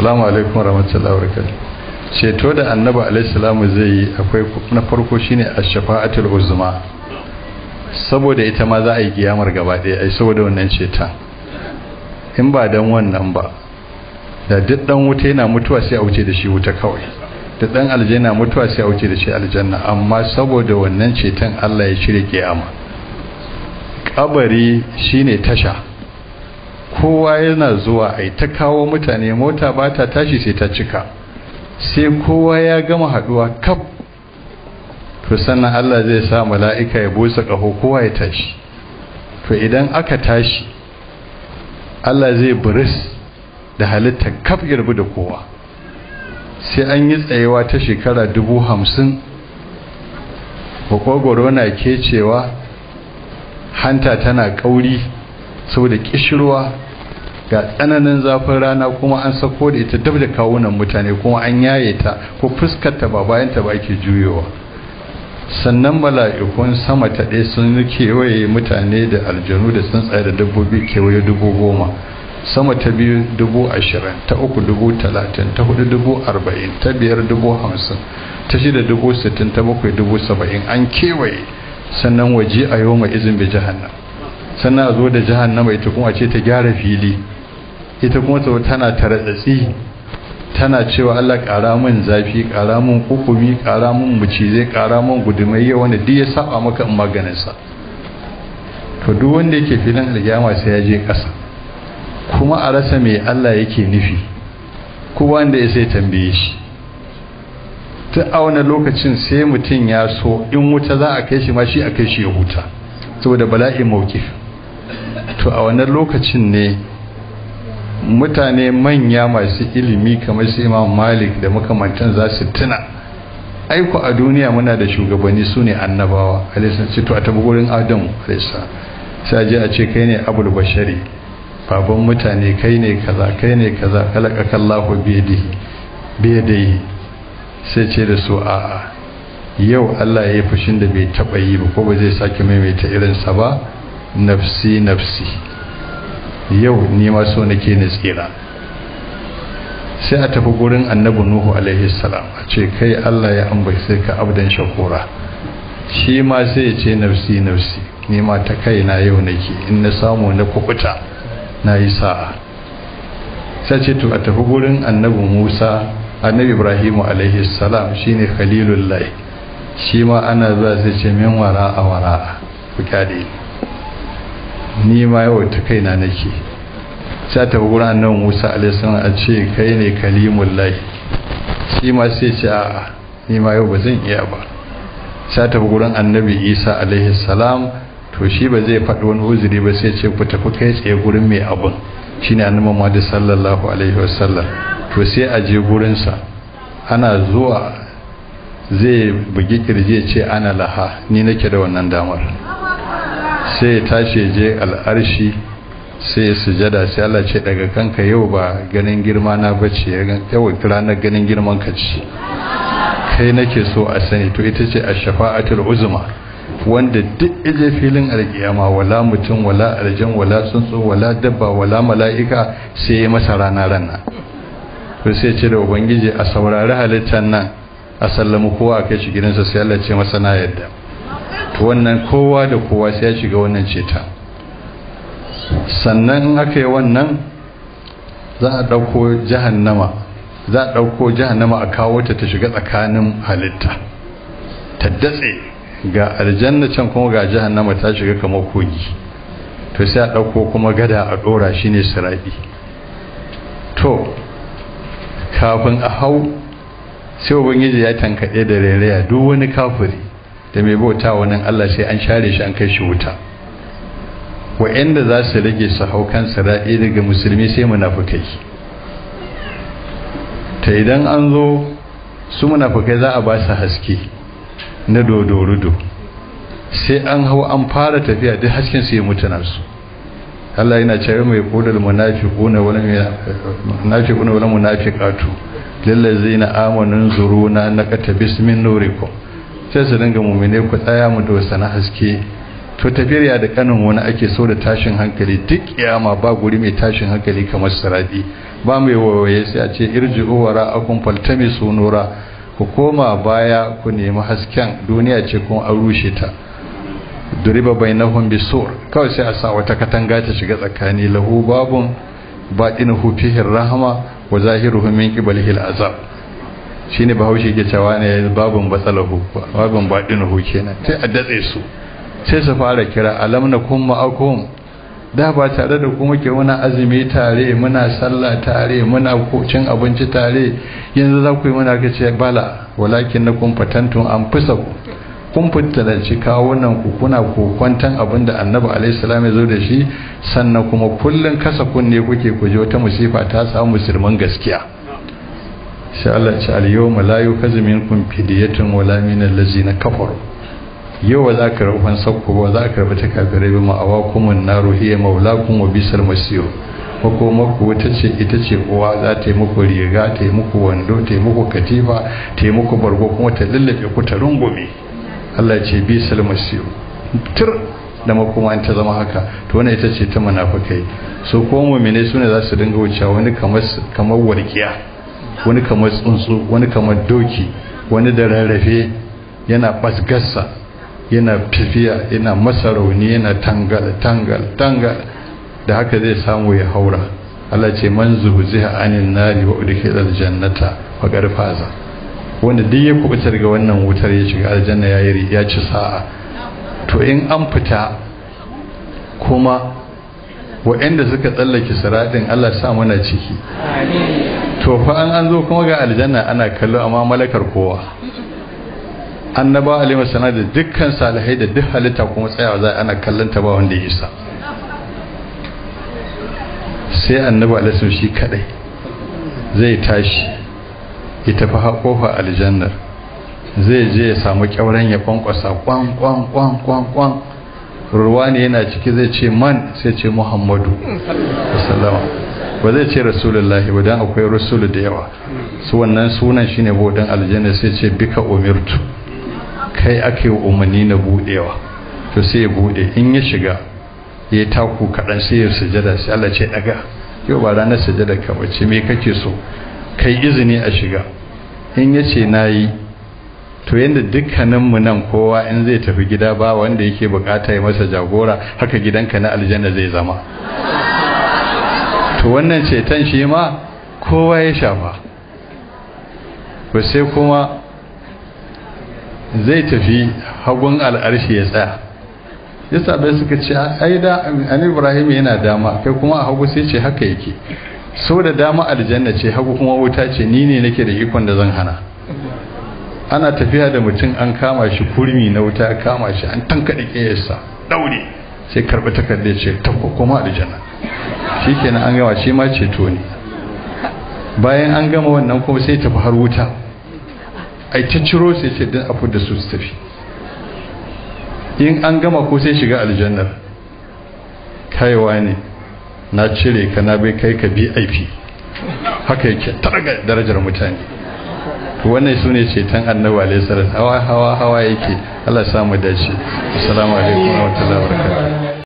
assalamu alaikum warahmatullahi wabarakatuh ceto da annabi alaihi salamu zai yi akwai na farko shine ash-shafa'atul uzma saboda ita ma za a yi kiyamar gaba ɗaya ai saboda wannan ceta in ba dan wannan ba da duk dan wuta yana mutuwa sai a wuce da shi wuta kawai da dan aljanna mutuwa sai a wuce da shi aljanna amma saboda wannan ceton Allah ya shirye kiyama kabari shine tasha kowa yana zuwa a ta kawo mutane mota ba ta tashi sai ta cika sai kowa ya gama haduwa kaf to sannan Allah zai sa mala'ika ya busa kaho kowa ya tashi to idan aka tashi Allah zai buris da halitta kaf girbi da kowa sai an yi tsayewa ta shekara dubu hamsin kwakwagwaro na kecewa hanta tana kauri saboda kishirwa ga tsananin zafin rana kuma an sako da ita dab da kawunan mutane kuma an yaye ta ko fuskarta ba bayanta ba ake juyowa sannan mala'ikun sama ta ɗaya sun kewaye mutane da aljanu da tsuntsaye da dabbobi kewaye dubu goma sama ta biyu dubu ashirin ta uku dubu talatin ta hudu dubu arba'in ta biyar dubu hamsin ta shida dubu sittin ta bakwai dubu saba'in an kewaye sannan waje a yau mai izin bi jahannam sannan a zo da mai ita kuma ce ta gyara fili ita kuma ta tana taratsatsi tana cewa Allah ƙara min zafi ƙara min kukumi ƙara min mucizai ƙara min gudumai wanda duk ya saba maka in maganinsa to duk wanda yake filin alƙiyama sai ya je ƙasa kuma a rasa mai Allah yake nufi ko wanda ya sai tambaye shi ta auna lokacin sai mutum ya so in wuta za a kai shi ma shi a kai shi ya huta saboda bala'in mawkif to a wannan lokacin ne mutane manya masu ilimi kamar su imam malik da makamantan za su tuna aiko a duniya muna da shugabanni su ne annabawa alisa cito a tabi gurin adamu alisa sai je a ce kai ne abul bashari baban mutane kai ne kaza kai ne kaza kalaka kallahu biyadihi sai ce da su a'a yau Allah ya yi fushin da bai taɓa yi ba ko ba zai sake maimaita irinsa ba nafsi nafsi yau ni ma so nake na tsira sai a tafi gurin annabi nuhu alaihi salam a ce kai Allah ya ambace ka abdan shakura shi ma sai ya ce nafsi nafsi ni ma ta na yau nake in na samu na kukuta na yi sa'a sai ce to a tafi gurin annabi Musa annabi Ibrahim alaihi salam shine khalilullah shi ma ana zuwa sai ce min wara a wara ku kade. ni ma yawai ta kaina nake sai ta wurin nan musa alaihissalam a ce kai ne kalimun lai shi ma sai ce a ni ma yau ba zan iya ba sai ta wurin annabi isa salam to shi ba zai faɗi wani uzuri ba sai ce ku tafi kai tsaye gurin mai abin shi ne annabi muhammadu sallallahu alaihi wasallam to sai a je gurinsa ana zuwa zai bugi kirje ce ana laha ni nake da wannan damar sai ya tashi je al'arshi sai sujada sai Allah ce daga kanka yau ba ganin girma na bace yau ranar ganin girman ka ce kai nake so a sani to ita ce a shafa'atul uzma wanda duk ije filin alkiyama wala mutum wala aljan wala tsuntsu wala dabba wala mala'ika sai ya masa rana rana to sai ce da ubangiji a saurari halittar nan a sallamu kowa kai shi gidansa sai Allah ce masa na yadda wannan kowa da kowa sai ya shiga wannan ceta sannan in aka yi wannan za a ɗauko jahannama za a ɗauko jahannama a kawo ta ta shiga tsakanin halitta ta datse ga aljanna can kuma ga jahannama ta shiga kamar kogi to sai a ɗauko kuma gada a ɗora shi ne sirabi to kafin a hau sai ubangiji ya tankaɗe da rairaya duk wani kafiri da mai bauta wa nan Allah sai an share shi an kai shi wuta wa'anda za su rage su hau kan sara'i daga musulmi sai munafukai ta idan an zo su munafukai za a ba su haske na dodo dodo-rudo sai an hau an fara tafiya duk hasken su yi mutuna Allah yana cewa mai kodal munafiquna wal munafiquna wal na amonin zuru na nakata bismin nurikum sai su dinga mummune ku tsaya mu da wasu na haske to tafiyar da kanin wani ake so da tashin hankali duk kiyama ba guri mai tashin hankali kamar saradi ba mai wawaye sai a ce irji uwara akun faltami sunura ku koma baya ku nemi hasken duniya ce kun an rushe ta duriba bainahum bisur kawai sai a sa wata katanga ta shiga tsakani lahu babun baɗin hufihin rahma wa zahiruhu min ƙibalihil azab shine bahaushe ke cewa ne babun batsalahu babun ke kenan sai a datse su sai su fara kira alam nakum ma'akum da ba tare da kuma ke muna azumi tare muna sallah tare muna cin abinci tare yanzu za ku yi muna ka ce bala walakin na kun fatantun an fusa ku kun fitalarci kawunan ku kuna kokwantan abin da annabi alaihi ya zo da shi sannan kuma kullun kasa kunne kuke ku je wata musifa ta samu musulman gaskiya sai Allah ce al-yawma kazi yukazu minkum fidyatun wala min allazina kafaru yau ba za ka rufan sakko ba za ka rufa ta kafirai ba ma'awa kuma na ruhiya maula wa bisar masiyo makomarku wata ce ita ce uwa za ta yi muku riga ta yi muku wando ta yi muku katifa ta yi muku bargo kuma ta lullabe ku ta rungume Allah ce bisal masiyo tur da makoma ta zama haka to wannan ita ce ta munafikai so ko mu'mine sune za su dinga wucewa wani kamar kamar warkiya wani kamar tsuntsu wani kamar doki wani da rarrafe yana basgasa yana tafiya yana masarauni yana tangal tangal tangal da haka zai samu ya haura Allah ce man zuhziha anin nari wa da aljannata wa faza wanda duk ya kubuta daga wannan wutar ya shiga aljanna yayi ya ci sa'a to in an fita kuma waɗanda suka tsallake siratin Allah sa mana ciki amin to fa an an zo kuma ga aljanna ana kallo amma malakar kowa annaba Ali masana da dukkan salihai da duk halitta kuma tsayawa za ana kallon ta ba wanda ya isa sai annabi ali wasallam shi kadai zai tashi ya tafi kofa aljannar zai je ya samu kyauran ya kwankwasa kwan kwan kwan kwan kwan ruwa ne yana ciki zai ce man sai ce muhammadu wasallam ba zai ce rasulullahi ba don akwai rasulu da yawa su wannan sunan shi ne bautan aljanna sai ce bika umirtu kai ake umarni na budewa to sai ya bude in ya shiga ya taku kaɗan sai ya sujada sai Allah ce daga yau ba ranar sujada ka bace me kake so kai izini a shiga in ya ce na yi to yadda dukkaninmu nan kowa in zai tafi gida ba wanda yake bukata ya masa jagora haka gidanka na aljanna zai zama to wannan ceton shi ma kowa ya shafa ba sai kuma zai tafi hagun al'arshi ya tsaya yasa bai suka ce a aida an ibrahim yana dama kai kuma a hagu sai ce haka yake so da dama aljanna ce hagu kuma wuta ce ni ne nake da ikon da zan hana ana tafiya da mutum an kama shi kurmi na wuta kama shi an tankaɗe ƙeyarsa daure sai karɓi takardar ce ta kuma aljanna shi kenan an gama shi ma ceto ne bayan an gama wannan kuma sai tafi har wuta ai ta ciro sai ce din afu da su tafi in an gama ko sai shiga aljannar kaiwa ne na cire ka na bai kai ka bi aifi haka yake targa darajar mutane wannan su ne ceton annabi alaihi salam hawa hawa hawa yake Allah samu dace assalamu alaikum wa rahmatullahi wa